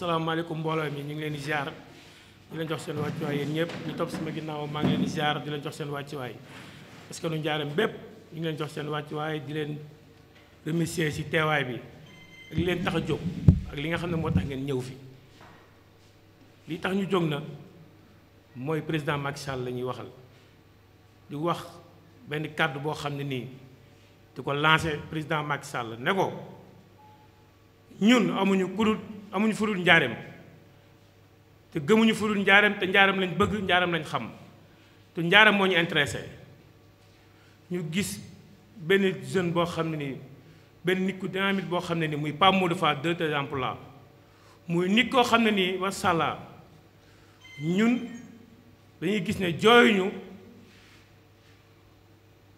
Assalamualaikum mbooloo mi ñu ngi leen di ziar di leen jox seen wàccuwaay yéen ñëpp ñu topp sama ginnaaw maa ngi leen di ziar di leen jox seen wàccuwaay parce que nu njaaram bépp ñu ngi leen jox seen wàccuwaay di leen remercier ci teewaay bi ak li leen tax a jóg ak li nga xam ne moo tax ngeen ñëw fi li tax ñu jóg na mooy président Macky Sall la waxal di wax benn kàddu boo xam ne di ko lancé président Macky Sall ne ko ñun amuñu kudut amuñu furul njaareem te gëmuñu furul njaareem te njaareem lañ bëgg njaareem lañ xam te njaareem moo ñu intéressé ñu gis benn jeune boo xam ne ni benn nit ku dynamique boo xam ne ni muy Pape Modou Fall deux exemple la muy nit koo xam ne nii wasala ñun dañuy gis ne jooyuñu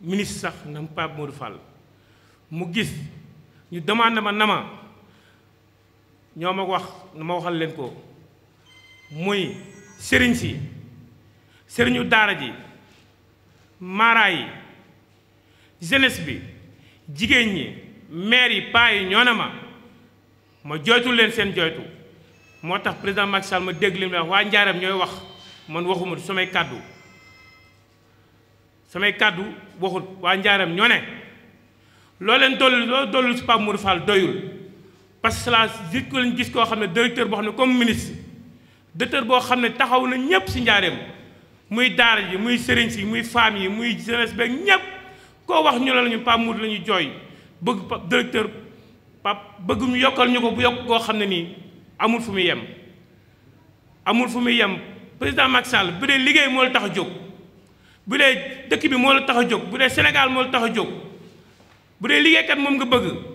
ministre sax nam Pape Modou Fall mu gis ñu demande ma nama ñoo ma wax nu ma waxal leen ko muy sëriñ si sëriñu daara ji maara yi jeunesse bi jigéen ñi maire yi paa yi ñoo ne ma ma joytu leen seen joytu moo tax président Macky Sall ma dégg leen wax waa njaaram ñooy wax man waxuma samay kàddu samay kàddu waxut waa njaaram ñoo ne loo leen dolli loo dolli si Pape Modou Fall doyul parce que la gis ko lañ gis koo xam ne directeur boo xam ne comme ministre directeur boo xam ne taxaw na ñëpp si njaareem muy daara ji muy sëriñ si muy femme yi muy jeunesse beeg ñëpp koo wax ñu la ñu Pape Modou la ñu jooy bëgg directeur Pape bëgg ñu yokkal ñu ko bu yokk koo xam ne nii amul fu muy yem. amul fu muy yem président Macky Sall bu dee liggéey moo la tax a jóg bu dee dëkk bi moo la tax a jóg bu dee Sénégal moo la tax a jóg bu dee liggéeykat moom nga bëgg.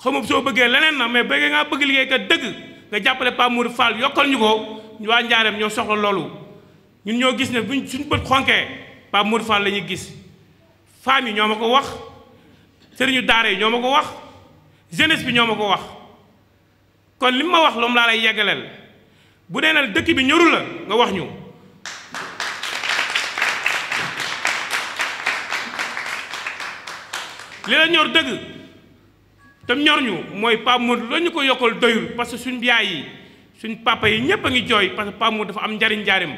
xamub soo bëggee leneen na mais bëggee ngaa bëgg liggéeykat dëgg nga jàppale Pape Modou Fall yokkal ñu ko waa Njaareem ñoo soxla loolu ñun ñoo gis ne buñ suñ bët xonkee Pape Modou Fall la ñuy gis femmes yi ñoo ma ko wax sëriñu daara yi ñoo ma ko wax jeunesse bi ñoo ma ko wax kon li ma wax loom laa lay yeggaleel bu dee dëkk bi ñoru la nga wax ñu li la ñor dëgg te ñor ñu mooy Pape Modou la ñu ko yokkal doyul parce que suñ biyaay yi suñ papa yi ñëpp a ngi jooy parce que Pape dafa am njariñ njaarim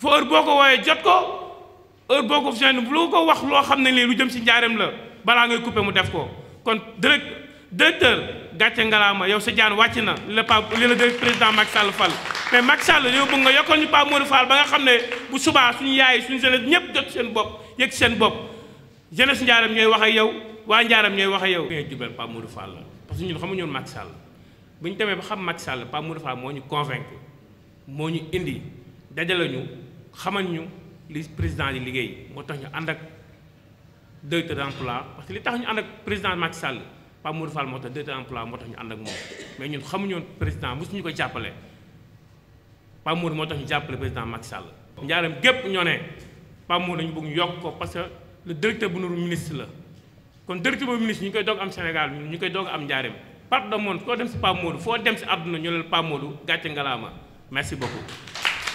boo ko woowee jot ko boo ko joindre bu lu ko wax loo xam ne lii lu jëm si njaarim la balaa ngay coupé mu def ko kon direct directeur gàcce ngalaama yow sa jaan wàcc na li la pa li la président Macky fal mais Macky Sall yow bëgg nga yokkal ñu Pape Modou Fall ba nga xam ne bu subaa suñu yaay suñ jeunesse ñëpp jot seen bopp yëg seen bopp si njaarim ñooy wax ak yow waa njaaram ñooy wax yow. ñu jubal pa Modou Fall parce que ñun xamu woon Macky Sall buñu ñu ba xam Macky Sall pa Modou Fall moñu convaincre moñu indi dajale ñu xamal ñu li président yi liggéey mo tax ñu and ak directeur d'emploi parce que li tax ñu and ak président Macky Sall pa Modou Fall mo tax directeur emploi mo tax ñu and ak moom mais ñun xamu woon président mosuñu ko jàppale pa Modou mo tax ñu jàppale président Macky Sall. njaaram gep ñone pa Pape Modou dañu bëgg ñu ko parce que le directeur bu nuru ministre la kon nous ministre Nous koy dog Sénégal nous koy dog am njaareem monde dem si pas Modou dem ñu ne pas merci beaucoup.